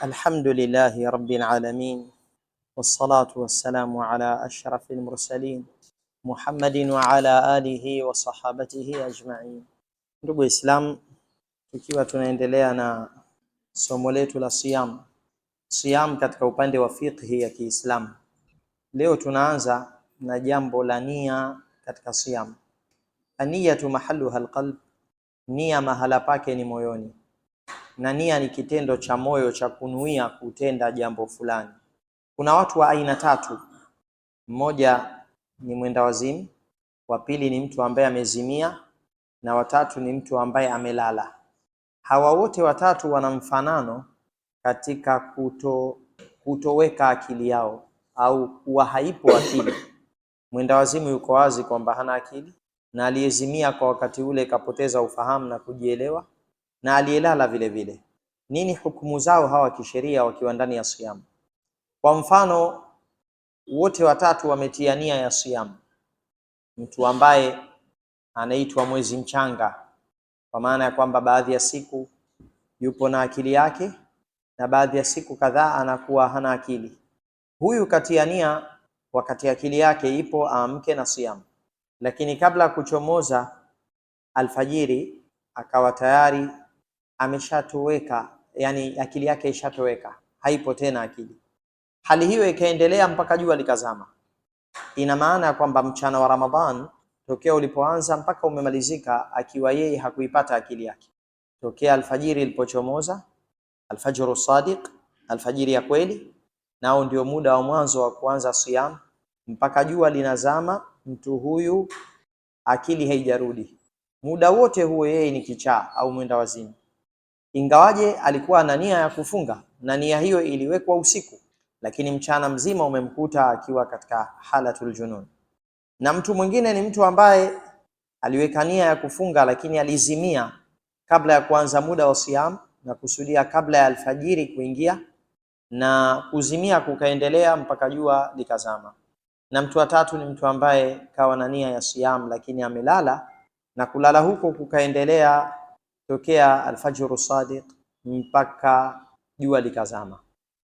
Alhamdulillahi rabbil alamin wassalatu wassalamu ala ashrafil mursalin Muhammadin wa ala alihi wa sahabatihi ajma'in. Ndugu Islam, tukiwa tunaendelea na somo letu la siyam, siyam katika upande wa fiqhi ya kiislam Leo tunaanza na jambo la nia katika siyam. Aniyatu mahaluha alqalb, nia mahala pake ni moyoni na nia ni kitendo cha moyo cha kunuia kutenda jambo fulani. Kuna watu wa aina tatu. Mmoja ni mwenda wazimu, wa pili ni mtu ambaye amezimia, na watatu ni mtu ambaye amelala. Hawa wote watatu wana mfanano katika kuto kutoweka akili yao au kuwa haipo akili. Mwenda wazimu yuko wazi kwamba hana akili, na aliyezimia kwa wakati ule kapoteza ufahamu na kujielewa na aliyelala vile vile. Nini hukumu zao hawa kisheria wakiwa ndani ya siamu? Kwa mfano, wote watatu wametia nia ya siamu. Mtu ambaye anaitwa mwezi mchanga, kwa maana ya kwamba baadhi ya siku yupo na akili yake na baadhi ya siku kadhaa anakuwa hana akili. Huyu katia nia wakati akili yake ipo aamke na siamu, lakini kabla ya kuchomoza alfajiri akawa tayari ameshatoweka, yani akili yake ishatoweka, haipo tena akili. Hali hiyo ikaendelea mpaka jua likazama. Ina maana ya kwamba mchana wa Ramadhan tokea ulipoanza mpaka umemalizika, akiwa yeye hakuipata akili yake tokea alfajiri ilipochomoza, alfajru sadiq, alfajiri ya kweli, nao ndio muda wa mwanzo wa kuanza siyam mpaka jua linazama, mtu huyu akili haijarudi. Muda wote huo yeye ni kichaa au mwenda wazimu. Ingawaje alikuwa na nia ya kufunga na nia hiyo iliwekwa usiku, lakini mchana mzima umemkuta akiwa katika halatul junun. Na mtu mwingine ni mtu ambaye aliweka nia ya kufunga, lakini alizimia kabla ya kuanza muda wa siam na kusudia kabla ya alfajiri kuingia na kuzimia kukaendelea mpaka jua likazama. Na mtu wa tatu ni mtu ambaye kawa na nia ya siam, lakini amelala na kulala huko kukaendelea tokea alfajru sadiq mpaka jua likazama.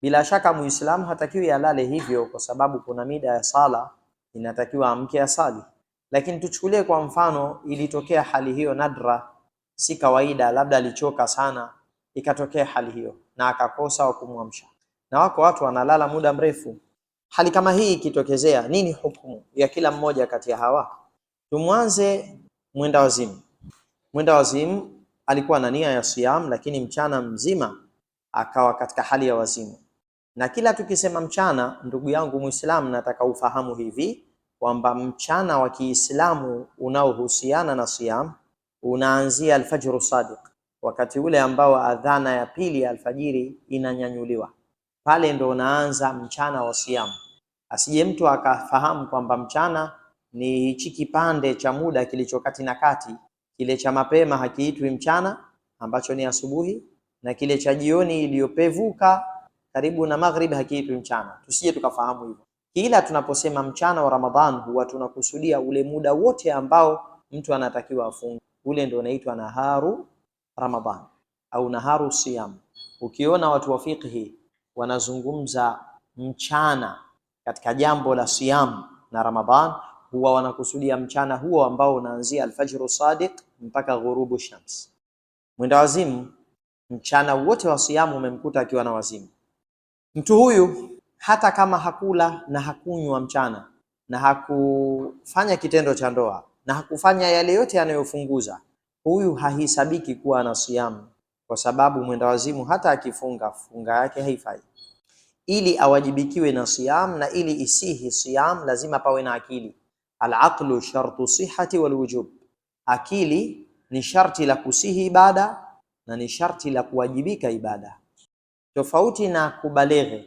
Bila shaka Muislamu hatakiwi alale hivyo, kwa sababu kuna mida ya sala inatakiwa amke asali. Lakini tuchukulie kwa mfano, ilitokea hali hiyo nadra, si kawaida, labda alichoka sana, ikatokea hali hiyo na akakosa wa kumwamsha, na wako watu wanalala muda mrefu. Hali kama hii ikitokezea, nini hukumu ya kila mmoja kati ya hawa? Tumwanze mwenda wazimu. Mwenda wazimu alikuwa na nia ya siyam, lakini mchana mzima akawa katika hali ya wazimu. Na kila tukisema mchana, ndugu yangu Muislamu, nataka ufahamu hivi kwamba mchana wa Kiislamu unaohusiana na siyam unaanzia alfajru sadiq, wakati ule ambao adhana ya pili ya alfajiri inanyanyuliwa, pale ndo unaanza mchana wa siyam. Asije mtu akafahamu kwamba mchana ni hichi kipande cha muda kilicho kati na kati Kile cha mapema hakiitwi mchana, ambacho ni asubuhi, na kile cha jioni iliyopevuka karibu na maghrib hakiitwi mchana. Tusije tukafahamu hivyo. Kila tunaposema mchana wa Ramadhan huwa tunakusudia ule muda wote ambao mtu anatakiwa afunge, ule ndio unaitwa naharu Ramadhan au naharu siyam. Ukiona watu wa fiqhi wanazungumza mchana katika jambo la siyam na Ramadhan, huwa wanakusudia mchana huo ambao unaanzia alfajru sadiq mpaka ghurubu shams. Mwenda wazimu mchana wote wa siamu umemkuta akiwa na wazimu. Mtu huyu hata kama hakula na hakunywa mchana na hakufanya kitendo cha ndoa na hakufanya yale yote yanayofunguza, huyu hahisabiki kuwa na siamu, kwa sababu mwenda wazimu hata akifunga funga yake haifai. Ili awajibikiwe na siam na ili isihi siam, lazima pawe na akili. Al-aqlu shartu sihhati walwujub, akili ni sharti la kusihi ibada na ni sharti la kuwajibika ibada, tofauti na kubaleghe.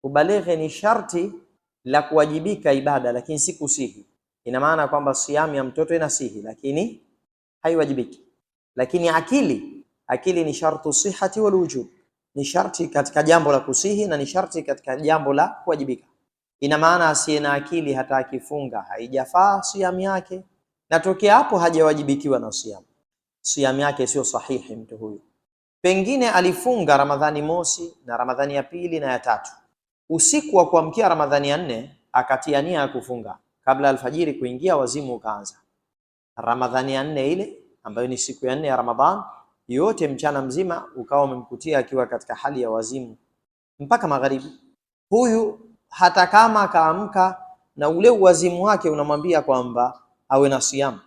Kubaleghe ni sharti la kuwajibika ibada, lakini si kusihi. Ina maana kwamba siamu ya mtoto inasihi, lakini haiwajibiki. Lakini akili, akili ni shartu sihati wal wujub, ni sharti katika jambo la kusihi na ni sharti katika jambo la kuwajibika. Ina maana asiye na akili hata akifunga haijafaa siamu yake, na tokea hapo hajawajibikiwa na siamu siamu yake sio sahihi mtu huyu. Pengine alifunga Ramadhani mosi na Ramadhani ya pili na ya tatu, usiku wa kuamkia Ramadhani ya nne akatia nia ya kufunga kabla alfajiri kuingia, wazimu ukaanza. Ramadhani ya nne ile ambayo ni siku ya nne ya Ramadhan yote, mchana mzima ukawa umemkutia akiwa katika hali ya wazimu mpaka magharibi. Huyu hata kama akaamka na ule uwazimu wake unamwambia kwamba awe na siamu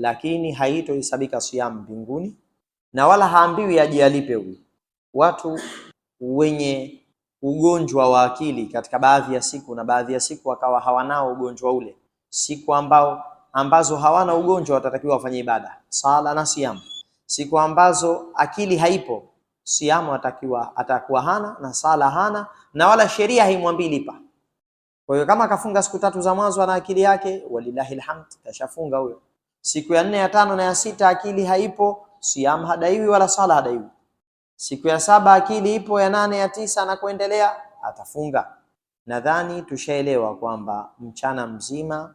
lakini haitohesabika siyamu mbinguni, na wala haambiwi aje alipe huyu. Watu wenye ugonjwa wa akili katika baadhi ya siku na baadhi ya siku wakawa hawanao ugonjwa ule, siku ambao ambazo hawana ugonjwa watatakiwa wafanye ibada, sala na siyamu. Siku ambazo akili haipo, siyamu atakiwa atakuwa hana na sala hana, na wala sheria haimwambii lipa. Kwa hiyo kama akafunga siku tatu za mwanzo ana akili yake, walillahi alhamd, kashafunga huyo Siku ya nne ya tano na ya sita akili haipo, siam hadaiwi wala sala hadaiwi. Siku ya saba akili ipo, ya nane ya tisa na kuendelea atafunga. Nadhani tushaelewa kwamba mchana mzima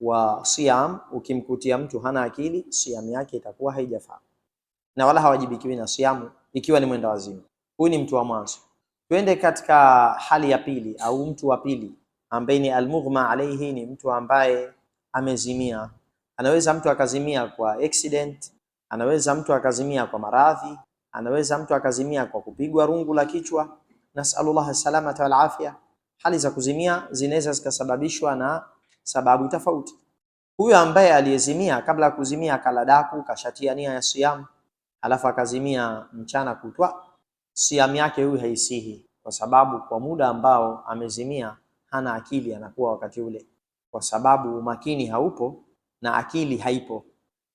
wa siam ukimkutia mtu hana akili, siam yake itakuwa haijafaa na wala hawajibikiwi na siamu ikiwa ni mwenda wazima. Huyu ni mtu wa mwanzo. Twende katika hali ya pili au mtu wa pili ambaye ni almughma alaihi, ni mtu ambaye amezimia Anaweza mtu akazimia kwa accident, anaweza mtu akazimia kwa maradhi, anaweza mtu akazimia kwa kupigwa rungu la kichwa. Nasalullah salamata wal afya. Hali za kuzimia zinaweza zikasababishwa na sababu tofauti. Huyo ambaye aliyezimia kabla ya kuzimia akala daku, kashatia nia ya siamu, alafu akazimia mchana kutwa, siamu yake huyu haisihi, kwa sababu kwa muda ambao amezimia hana akili, anakuwa wakati ule, kwa sababu umakini haupo na akili haipo.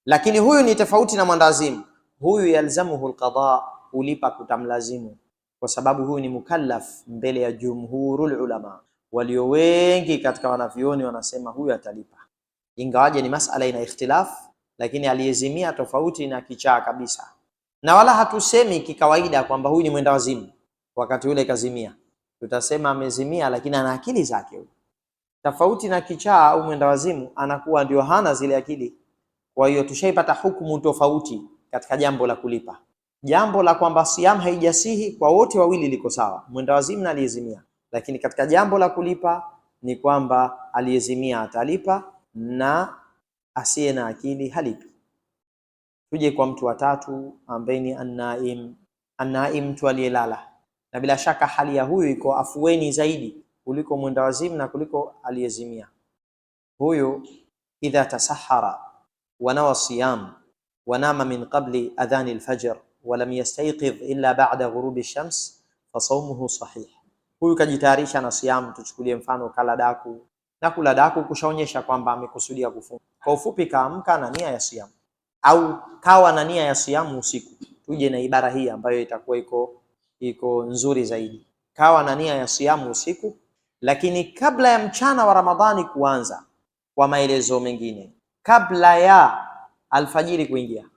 Lakini huyu ni tofauti na mwandazimu, huyu yalzamuhu alqadha, ulipa kutamlazimu, kwa sababu huyu ni mukallaf mbele ya jumhurul ulama. Walio wengi katika wanavyoni wanasema huyu atalipa, ingawaje ni masala ina ikhtilaf, lakini aliyezimia tofauti na kichaa kabisa, na wala hatusemi kikawaida kwamba huyu ni mwendawazimu wakati ule kazimia, tutasema amezimia, lakini ana akili zake huyu Tofauti na kichaa au mwendawazimu, anakuwa ndio hana zile akili. Kwa hiyo tushaipata hukumu tofauti katika jambo la kulipa. Jambo la kwamba siam haijasihi kwa wote wawili liko sawa, mwendawazimu na aliyezimia. Lakini katika jambo la kulipa ni kwamba aliyezimia atalipa na asiye na akili halipi. Tuje kwa mtu wa tatu ambaye ni annaim. Annaim, mtu aliyelala, na bila shaka hali ya huyu iko afueni zaidi kuliko mwenda wazimu na kuliko aliyezimia. Huyu idha tasahara wanawa siyam wanama min qabli adhani alfajr walam yastayqidh illa ba'da ghurubi ash-shams fa sawmuhu sahih. Huyu kajitayarisha na siyam. Tuchukulie mfano kala daku na kula daku kushaonyesha kwamba amekusudia kufunga. Kwa ufupi, kaamka na nia ya siyam au kawa na nia ya siyam usiku. Tuje na ibara hii ambayo itakuwa iko iko nzuri zaidi. Kawa na nia ya siyam usiku lakini kabla ya mchana wa Ramadhani kuanza. Kwa maelezo mengine, kabla ya alfajiri kuingia,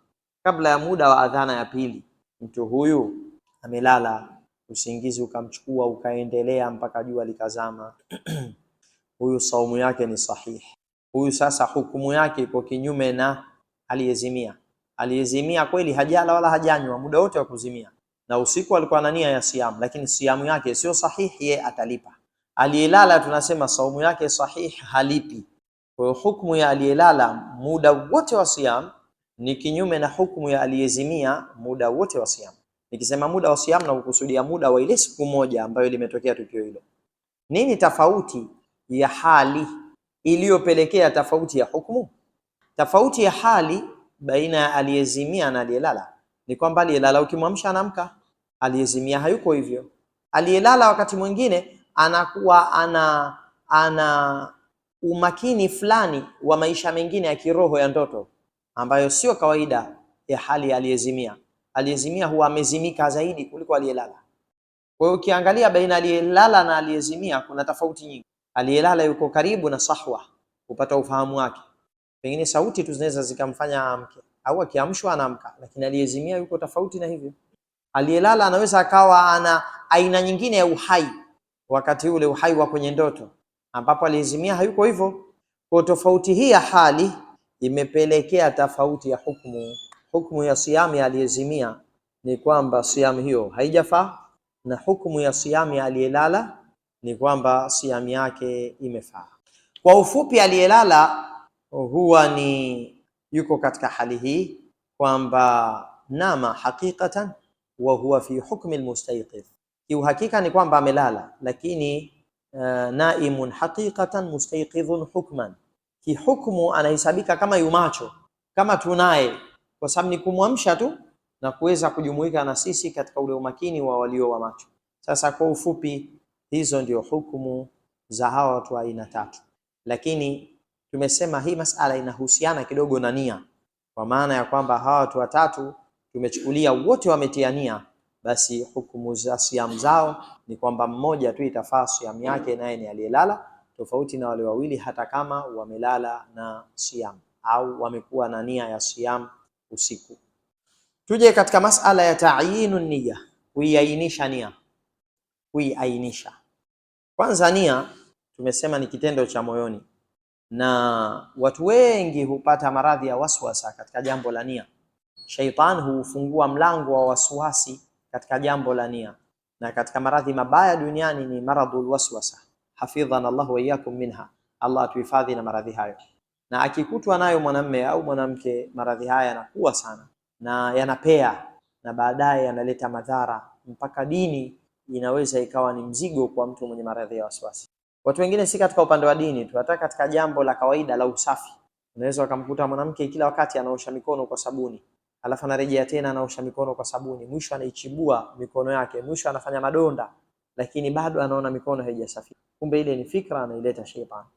kabla ya muda wa adhana ya pili, mtu huyu amelala usingizi ukamchukua ukaendelea mpaka jua likazama. huyu saumu yake ni sahihi. Huyu sasa hukumu yake iko kinyume na aliyezimia. Aliyezimia kweli hajala wala hajanywa muda wote wa kuzimia, na usiku alikuwa na nia ya siamu, lakini siamu yake sio sahihi, ye atalipa Aliyelala tunasema saumu yake sahihi halipi. Kwa hiyo hukumu ya aliyelala muda wote wa siyam ni kinyume na hukumu ya aliyezimia muda wote wa siyam. Nikisema muda wa siyam na kukusudia muda wa ile siku moja ambayo limetokea tukio hilo. Nini tofauti ya hali iliyopelekea tofauti ya hukumu? Tofauti ya hali baina ya aliyezimia na aliyelala ni kwamba aliyelala ukimwamsha anamka, aliyezimia hayuko hivyo. Aliyelala wakati mwingine anakuwa ana ana umakini fulani wa maisha mengine ya kiroho ya ndoto ambayo sio kawaida ya hali aliyezimia. Aliyezimia huwa amezimika zaidi kuliko aliyelala. Kwa hiyo ukiangalia baina aliyelala na aliyezimia kuna tofauti nyingi. Aliyelala yuko karibu na sahwa kupata ufahamu wake, pengine sauti tu zinaweza zikamfanya amke, au akiamshwa anaamka, lakini aliyezimia yuko tofauti na hivyo. Aliyelala anaweza akawa ana aina nyingine ya uhai wakati ule uhai wa kwenye ndoto, ambapo aliyezimia hayuko hivyo. Kwa tofauti hii ya hali imepelekea tofauti ya hukumu. Hukumu ya siamu aliyezimia ni kwamba siamu hiyo haijafaa, na hukumu ya siamu aliyelala ni kwamba siamu yake imefaa. Kwa ufupi, aliyelala huwa ni yuko katika hali hii kwamba nama hakikatan wa huwa fi hukmi almustayqidh kiuhakika ni kwamba amelala, lakini uh, naimun haqiqatan mustayqidhun hukman, kihukmu anahesabika kama yumacho, kama tunaye, kwa sababu ni kumwamsha tu na kuweza kujumuika na sisi katika ule umakini wa walio wa macho. Sasa kwa ufupi, hizo ndio hukumu za hawa watu aina tatu, lakini tumesema hii masala inahusiana kidogo na nia, kwa maana ya kwamba hawa watu watatu tumechukulia wote wametia nia basi hukumu za siam zao ni kwamba mmoja tu itafaa siamu yake, naye ni aliyelala, tofauti na wale wawili, hata kama wamelala na siam au wamekuwa na nia ya siam usiku. Tuje katika masala ya taayinu niyya, kuiainisha nia. Kuiainisha kwanza, nia tumesema ni kitendo cha moyoni, na watu wengi hupata maradhi ya waswasa katika jambo la nia. Shaitan huufungua mlango wa wasiwasi katika jambo la nia, na katika maradhi mabaya duniani ni maradhul waswasa. Hafidhana Allah wa iyyakum minha, Allah atuhifadhi na maradhi hayo. Na akikutwa nayo mwanamme au mwanamke, maradhi haya yanakuwa sana na yanapea, na baadaye yanaleta madhara mpaka dini inaweza ikawa ni mzigo kwa mtu mwenye maradhi ya waswasi. Watu wengine si katika upande wa dini tu, hata katika jambo la kawaida la usafi, unaweza ukamkuta mwanamke kila wakati anaosha mikono kwa sabuni alafu anarejea tena anaosha mikono kwa sabuni, mwisho anaichibua mikono yake, mwisho anafanya madonda, lakini bado anaona mikono haijasafi. Kumbe ile ni fikra anaileta shetani,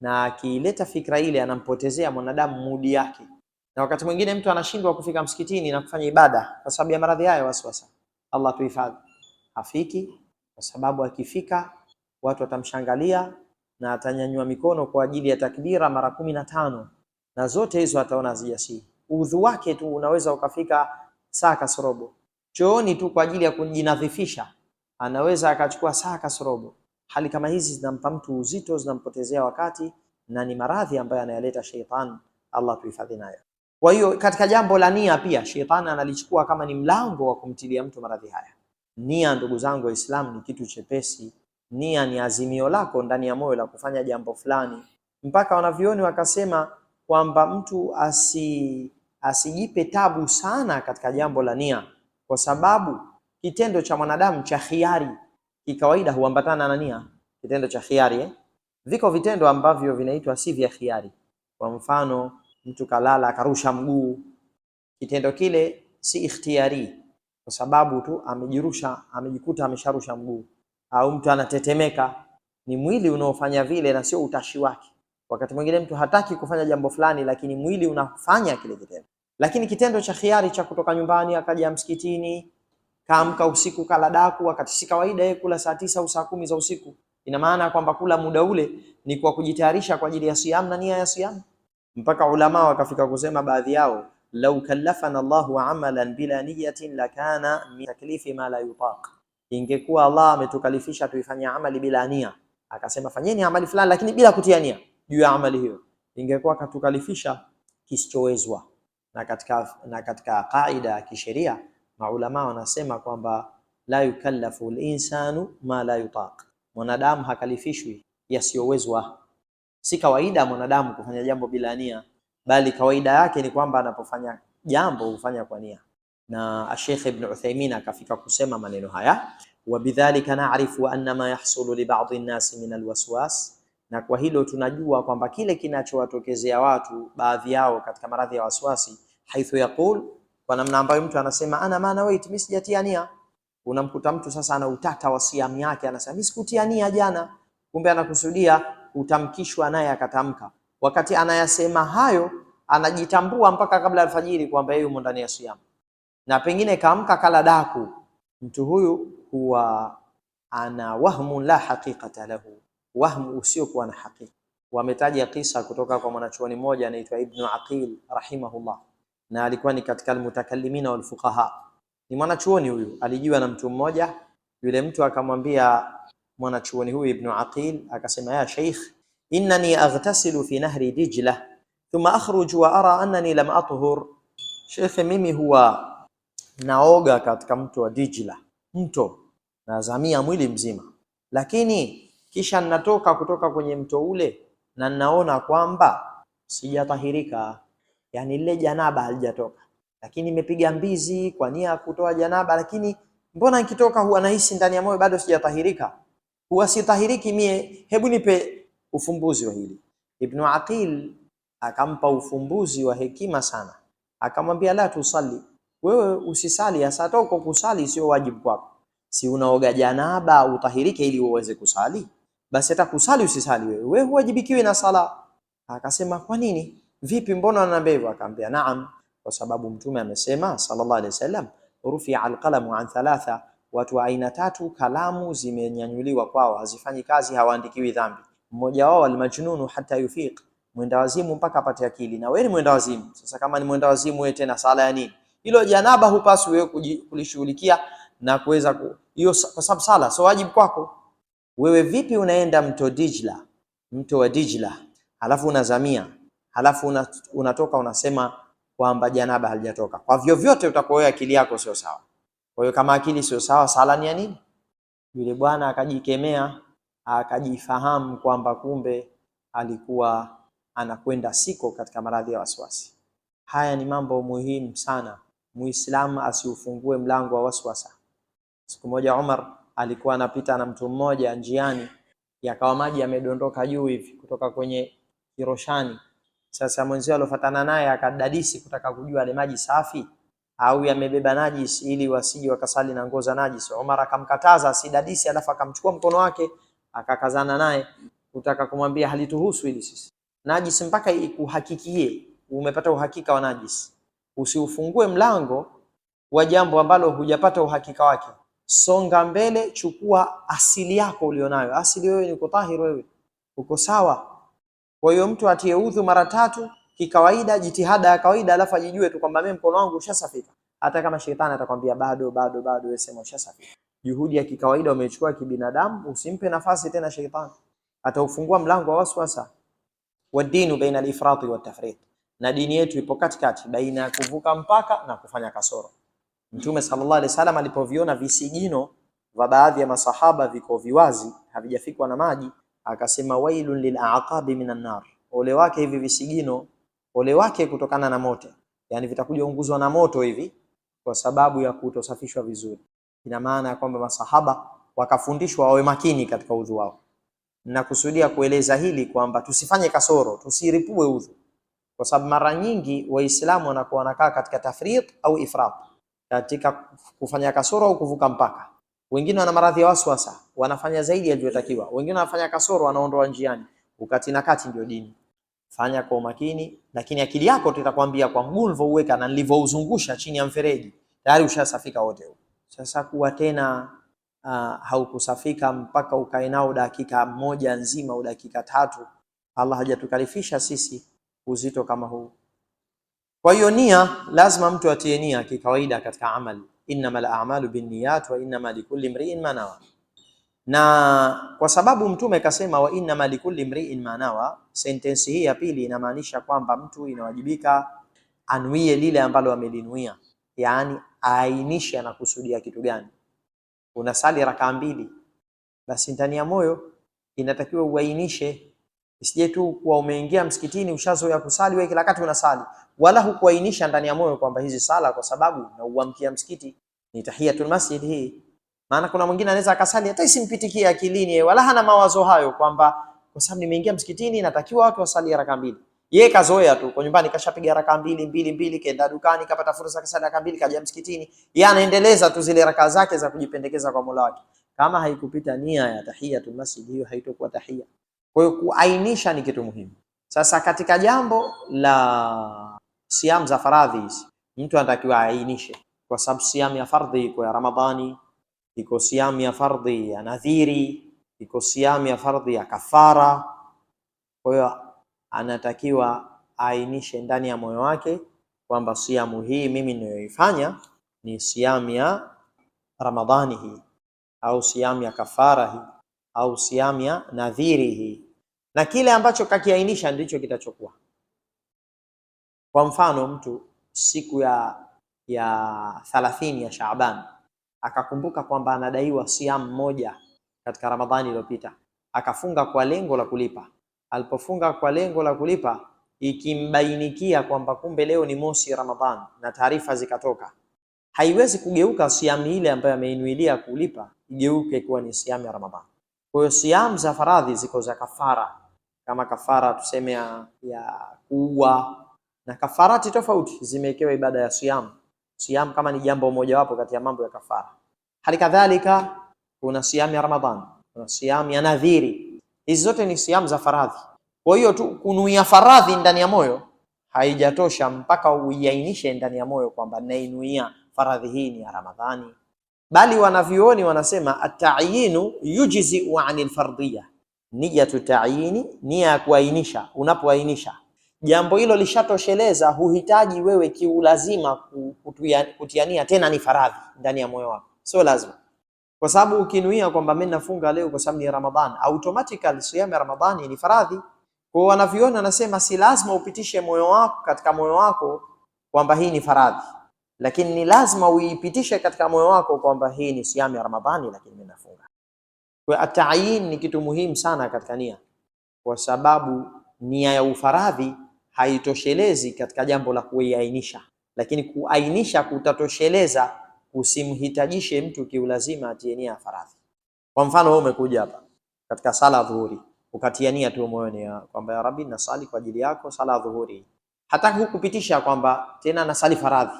na akileta fikra ile anampotezea mwanadamu mudi yake, na wakati mwingine mtu anashindwa kufika msikitini na kufanya ibada kwa sababu ya maradhi hayo waswasa. Allah tuhifadhi, hafiki kwa sababu akifika watu watamshangalia na atanyanyua mikono kwa ajili ya takbira mara kumi na tano na zote hizo ataona hazijasii udhu wake tu unaweza ukafika saa kasorobo. Chooni tu kwa ajili ya kujinadhifisha anaweza akachukua saa kasorobo. Hali kama hizi zinampa mtu uzito, zinampotezea wakati na ni maradhi ambayo anayaleta sheitani. Allah tuhifadhi nayo. Kwa hiyo katika jambo la nia pia sheitani analichukua kama ni mlango wa kumtilia mtu maradhi haya. Nia, ndugu zangu Waislamu, ni kitu chepesi. Nia ni azimio lako ndani ya moyo la kufanya jambo fulani, mpaka wanavyoni wakasema kwamba mtu asi asijipe tabu sana katika jambo la nia, kwa sababu kitendo cha mwanadamu cha khiari kikawaida huambatana na nia. Kitendo cha khiari eh? Viko vitendo ambavyo vinaitwa si vya khiari. Kwa mfano, mtu kalala akarusha mguu, kitendo kile si ikhtiari, kwa sababu tu amejirusha, amejikuta amesharusha mguu. Au mtu anatetemeka, ni mwili unaofanya vile na sio utashi wake. Wakati mwingine mtu hataki kufanya jambo fulani, lakini mwili unafanya kile kitendo. Lakini kitendo cha khiari cha kutoka nyumbani akaja msikitini, kaamka usiku kala daku, wakati si kawaida yeye kula saa tisa au saa kumi za usiku. Ina maana kwamba kula muda ule ni kwa kujitayarisha kwa ajili ya siyam na nia ya siyam. Mpaka ulama wakafika kusema baadhi yao, lau kallafana Allahu amalan bila niyatin lakana min taklifi ma la yutaq, ingekuwa Allah ametukalifisha tuifanye amali bila nia. Akasema fanyeni amali fulani, lakini bila kutia nia juu ya amali hiyo, ingekuwa katukalifisha kisichowezwa. Na katika, na katika kaida ya kisheria maulama wanasema kwamba la yukallafu linsanu ma la yutaq, mwanadamu hakalifishwi yasiyowezwa. Si kawaida mwanadamu kufanya jambo bila nia, bali kawaida yake ni kwamba anapofanya jambo hufanya kwa nia. Na Sheikh Ibn Uthaymeen akafika kusema maneno haya, wa bidhalika na'rifu anna ma yahsulu li ba'd an-nas min alwaswas na kwa hilo tunajua kwamba kile kinachowatokezea watu baadhi yao katika maradhi ya wasiwasi, haithu yaqul, kwa namna ambayo mtu anasema ana maana wait, mimi sijatia nia. Unamkuta mtu sasa ana utata wa siamu yake, anasema mimi sikutia nia jana, kumbe anakusudia kutamkishwa, naye akatamka. Wakati anayasema hayo anajitambua mpaka kabla alfajiri kwamba yeye yumo ndani ya siamu, na pengine kaamka kala daku. Mtu huyu huwa ana wahmu la haqiqata lahu wahmu usiokuwa na hakika. Wametaja kisa kutoka kwa mwanachuoni mmoja anaitwa Ibnu Aqil rahimahullah, na alikuwa ni katika almutakallimina walfuqaha. Ni mwanachuoni huyu, alijiwa na mtu mmoja. Yule mtu akamwambia mwanachuoni huyu Ibnu Aqil, akasema ya sheikh, innani aghtasilu fi nahri Dijla thumma akhruju wa ara annani lam athur. Sheikh, mimi huwa naoga katika mto wa Dijla, mto nazamia mwili mzima, lakini kisha natoka kutoka kwenye mto ule na ninaona kwamba sijatahirika, yani lile janaba halijatoka, lakini nimepiga mbizi kwa nia ya kutoa janaba, lakini mbona nikitoka huwa nahisi ndani ya moyo bado sijatahirika, huwa sitahiriki mie. Hebu nipe ufumbuzi wa hili. Ibnu Aqil akampa ufumbuzi wa hekima sana, akamwambia la tusalli, wewe usisali. Hasa toko kusali sio wajibu kwako, si unaoga janaba utahirike ili uweze kusali basi hata kusali usisali wewe, wewe huwajibikiwi na sala. Akasema, kwa nini? Vipi, mbona ananiambia hivyo? Akamwambia, naam, kwa sababu mtume amesema sallallahu alaihi wasallam, rufia alqalamu an thalatha, watu wa aina tatu kalamu zimenyanyuliwa kwao, hazifanyi kazi, hawaandikiwi dhambi. Mmoja wao almajnunu hata yufiq, mwenda wazimu mpaka apate akili. Na wewe ni mwenda wazimu. Sasa kama ni mwenda wazimu, wewe tena sala ya nini? Hilo janaba hupaswi wewe kulishughulikia na kuweza hiyo, kwa sababu sala sio wajibu kwako. Wewe vipi unaenda mto Dijla, mto wa Dijla, halafu unazamia, halafu unatoka unasema kwamba janaba halijatoka. Kwa vyovyote utakuwa akili yako sio sawa. Kwa hiyo kama akili sio sawa, sala ni ya nini? Yule bwana akajikemea, akajifahamu kwamba kumbe alikuwa anakwenda siko katika maradhi ya waswasi. Haya ni mambo muhimu sana, muislamu asiufungue mlango wa waswasa. Siku moja Umar alikuwa anapita na mtu mmoja njiani, yakawa maji yamedondoka juu hivi kutoka kwenye kiroshani. Sasa mwenzio aliofatana naye akadadisi kutaka kujua yale maji safi au yamebeba najis, ili wasije wakasali na ngoza najis. Omar akamkataza asidadisi, alafu akamchukua mkono wake akakazana naye kutaka kumwambia halituhusu hili sisi, najis mpaka ikuhakikie umepata uhakika wa najis, usiufungue mlango wa jambo ambalo hujapata uhakika wake songa mbele, chukua asili yako ulionayo. Asili wewe ni kutahir, wewe uko sawa. Kwa hiyo mtu atie udhu mara tatu kikawaida, jitihada ya kawaida, alafu ajijue tu kwamba mimi mkono wangu ushasafika. Hata kama shetani atakwambia bado bado bado, wewe sema ushasafika. Juhudi ya kikawaida umechukua kibinadamu, usimpe nafasi tena shetani, ataufungua mlango wa waswasa. Wa dinu baina al-ifrati wa tafrit, na dini yetu ipo katikati baina ya kuvuka mpaka na kufanya kasoro. Mtume sallallahu alaihi wasallam alipoviona visigino vya baadhi ya masahaba viko viwazi havijafikwa na maji, akasema wailun lil aqabi minan nar, ole wake hivi visigino, ole wake kutokana na moto, yani vitakuja unguzwa na moto hivi kwa sababu ya kutosafishwa vizuri. Ina maana ya kwamba masahaba wakafundishwa wawe makini katika udhu wao. Nakusudia kueleza hili kwamba tusifanye kasoro, tusiripue udhu, kwa sababu mara nyingi Waislamu wanakuwa wanakaa katika tafriq au ifrat katika kufanya kasoro au kuvuka mpaka. Wengine wana maradhi ya waswasa, wanafanya zaidi ya yalivyotakiwa. Wengine wanafanya kasoro, wanaondoa njiani. Ukati na kati ndio dini. Fanya kwa umakini, lakini akili yako tutakwambia kwa mguu ulivyouweka na nilivyouzungusha chini ya mfereji, tayari ushasafika wote huko. Sasa kuwa tena uh, haukusafika mpaka ukae nao dakika moja nzima au dakika tatu. Allah hajatukalifisha sisi uzito kama huu. Kwa hiyo nia, lazima mtu atie nia kikawaida katika amali, innamal a'malu binniyat wa innama likulli mri'in ma nawa. Na kwa sababu mtume kasema wa innama likulli mri'in ma nawa, sentensi hii ya pili inamaanisha kwamba mtu inawajibika anuie lile ambalo amelinuia, yaani aainishe kusudia kitu gani. Unasali rakaa mbili, basi ndani ya moyo inatakiwa uainishe, isije tu kuwa umeingia msikitini ushazoea kusali wewe, kila wakati unasali wala hukuainisha ndani ya moyo kwamba hizi sala, kwa sababu na uamkia msikiti ni tahiyatul masjid hii. Maana kuna mwingine anaweza akasali hata isimpitikie akilini, wala hana mawazo hayo kwamba kwa sababu nimeingia msikitini natakiwa watu wasali raka mbili. Yeye kazoea tu, kwa nyumbani kashapiga raka mbili mbili mbili, kaenda dukani kapata fursa kasali raka mbili, kaja msikitini, yeye anaendeleza tu zile raka zake za kujipendekeza kwa Mola wake. Kama haikupita nia ya tahiyatul masjid, hiyo haitokuwa tahia. Kwa hiyo kuainisha ni kitu muhimu. Sasa katika jambo la siamu za faradhi hizi mtu anatakiwa aainishe, kwa sababu siamu ya fardhi iko ya Ramadhani, iko siamu ya fardhi ya nadhiri, iko siamu ya fardhi ya kafara. Kwa hiyo anatakiwa aainishe ndani ya moyo wake kwamba siamu hii mimi ninayoifanya ni siamu ya Ramadhani hii au siamu ya kafara hii au siamu ya nadhiri hii, na kile ambacho kakiainisha ndicho kitachokuwa kwa mfano mtu siku ya ya thalathini ya Shaaban akakumbuka kwamba anadaiwa siamu moja katika Ramadhani iliyopita, akafunga kwa lengo la kulipa. Alipofunga kwa lengo la kulipa, ikimbainikia kwamba kumbe leo ni mosi Ramadhan na taarifa zikatoka, haiwezi kugeuka siamu ile ambayo ameinuilia kulipa igeuke kuwa ni siamu ya Ramadhan. Kwa hiyo siamu za faradhi ziko za kafara, kama kafara tuseme ya kuua na kafarati tofauti zimewekewa ibada ya siyam. Siyam kama ni jambo mojawapo kati ya mambo ya kafara. Hali kadhalika kuna siyam ya Ramadhan, kuna siyam ya nadhiri. Hizi zote ni siyam za faradhi. Kwa hiyo tu kunuia faradhi ndani ya moyo haijatosha, mpaka uiainishe ndani ya moyo kwamba nainuia faradhi hii ni ya Ramadhani. Bali wanavyuoni wanasema atayinu yujzi anil fardhiya, niyatu tayini, nia ya kuainisha. Unapoainisha jambo hilo lishatosheleza, huhitaji wewe kiulazima kutiania tena ni faradhi ndani ya moyo wako, sio lazima, kwa sababu ukinuia kwamba mimi nafunga leo kwa sababu ni Ramadhani, automatically siyamu ya Ramadhani ni faradhi. Kwa hiyo wanaviona anasema si lazima upitishe moyo wako katika moyo wako kwamba hii ni faradhi, lakini ni lazima uipitishe katika moyo wako kwamba hii ni siamu ya Ramadhani, lakini mimi nafunga. Kwa atayin ni kitu muhimu sana katika nia, kwa sababu nia ya ufaradhi haitoshelezi katika jambo la kuiainisha, lakini kuainisha kutatosheleza usimhitajishe mtu kiulazima atie nia faradhi. Kwa mfano wewe umekuja hapa katika sala ya dhuhuri, ukatia nia tu moyoni kwamba ya Rabbi, nasali kwa ajili yako sala ya dhuhuri, hata hukupitisha kwamba tena nasali faradhi,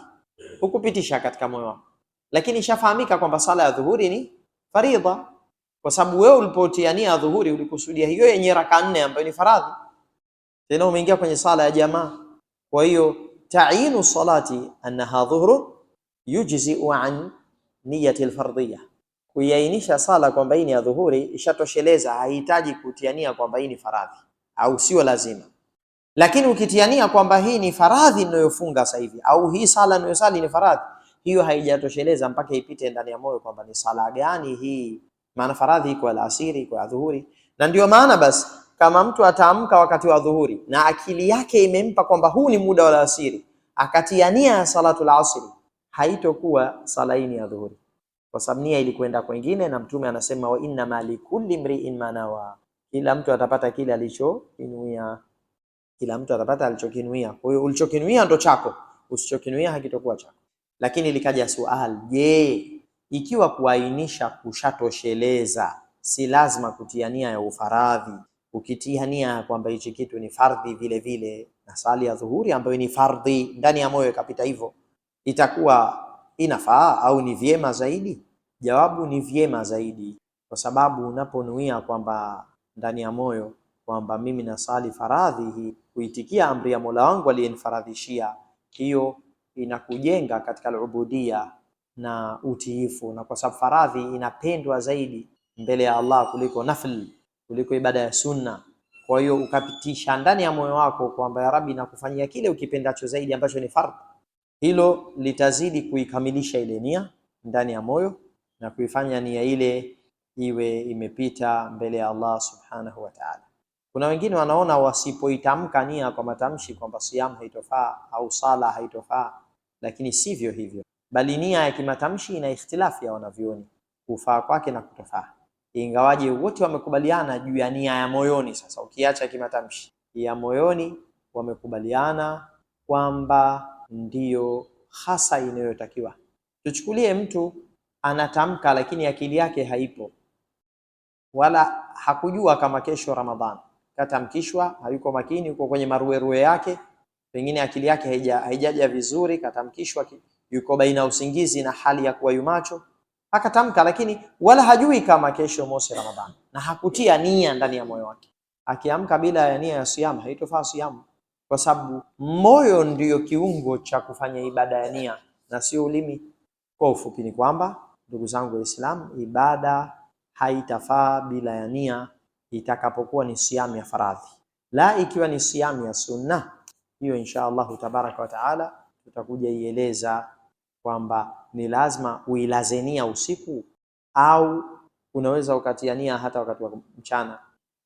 hukupitisha katika moyo wako, lakini ishafahamika kwamba sala ya dhuhuri ni faridha, kwa sababu wewe ulipotia nia dhuhuri ulikusudia hiyo yenye raka nne ambayo ni faradhi tena umeingia kwenye sala ya jamaa. Kwa hiyo tainu salati annaha dhuhrun yujziu an niyati alfardhiyah, kuiainisha sala kwamba hii ni ya dhuhuri ishatosheleza, hahitaji kutiania kwamba hii ni faradhi au sio lazima. Lakini ukitiania kwamba hii ni faradhi ninayofunga sasa hivi au hii sala ninayosali ni faradhi, hiyo haijatosheleza mpaka ipite ndani ya moyo kwamba ni sala gani hii. Maana faradhi iko alasiri, iko adhuhuri, na ndio maana basi kama mtu ataamka wakati wa dhuhuri na akili yake imempa kwamba huu ni muda wa alasiri, akatia nia ya salatu alasiri, haitokuwa sala hii ya dhuhuri, kwa sababu nia ilikwenda kwingine, na Mtume anasema wa inna ma li kulli mri'in ma nawa, kila mtu atapata kile alichokinuia. Kila mtu atapata alichokinuia. Kwa hiyo ulichokinuia ndo chako, usichokinuia hakitokuwa chako. Lakini likaja suali, je, ikiwa kuainisha kushatosheleza, si lazima kutiania ya ufaradhi ukitia nia kwamba hichi kitu ni fardhi vile vile, na sali ya dhuhuri ambayo ni fardhi ndani ya moyo ikapita hivyo, itakuwa inafaa au ni vyema zaidi? Jawabu ni vyema zaidi, kwa sababu unaponuia kwamba ndani ya moyo kwamba mimi nasali faradhi hii kuitikia amri ya Mola wangu aliyenifaradhishia, hiyo inakujenga katika al-ubudia na utiifu, na kwa sababu faradhi inapendwa zaidi mbele ya Allah kuliko nafli kuliko ibada ya sunna. Kwa hiyo ukapitisha ndani ya moyo wako kwamba ya Rabbi, nakufanyia kile ukipendacho zaidi ambacho ni fard, hilo litazidi kuikamilisha ile nia ndani ya moyo na kuifanya nia ile iwe imepita mbele ya Allah subhanahu wa ta'ala. Kuna wengine wanaona wasipoitamka nia kwa matamshi kwamba siamu haitofaa au sala haitofaa, lakini sivyo hivyo, bali nia ya kimatamshi ina ikhtilafu ya wanavyoni kufaa kwake na kutofaa ingawaje wote wamekubaliana juu ya nia ya moyoni. Sasa ukiacha kimatamshi, ya moyoni wamekubaliana kwamba ndiyo hasa inayotakiwa. Tuchukulie mtu anatamka, lakini akili yake haipo wala hakujua kama kesho Ramadhani, katamkishwa, hayuko makini, yuko kwenye maruerue yake, pengine akili yake haijaja vizuri, katamkishwa, yuko baina usingizi na hali ya kuwa yumacho Hakatamka, lakini wala hajui kama kesho mosi Ramadhani, na hakutia nia ndani ya moyo wake. Akiamka bila ya nia ya siamu haitofaa siamu, kwa sababu moyo ndiyo kiungo cha kufanya ibada ya nia na sio ulimi. Kwa ufupi ni kwamba, ndugu zangu Waislamu, ibada haitafaa bila ya nia itakapokuwa ni siamu ya faradhi, la ikiwa ni siamu ya sunna, hiyo insha Allahu tabaraka wa taala tutakuja ieleza kwamba ni lazima uilazenia usiku au unaweza ukatia nia hata wakati wa mchana.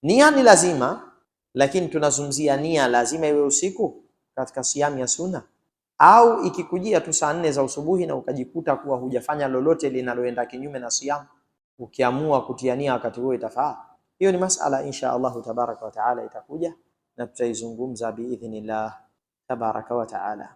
Nia ni lazima, lakini tunazungumzia nia lazima iwe usiku katika siamu ya suna au ikikujia tu saa nne za usubuhi na ukajikuta kuwa hujafanya lolote linaloenda kinyume na siamu, ukiamua kutia nia wakati huo itafaa. Hiyo ni masala insha Allahu tabaraka wa taala itakuja na tutaizungumza biidhnillah tabaraka wa taala.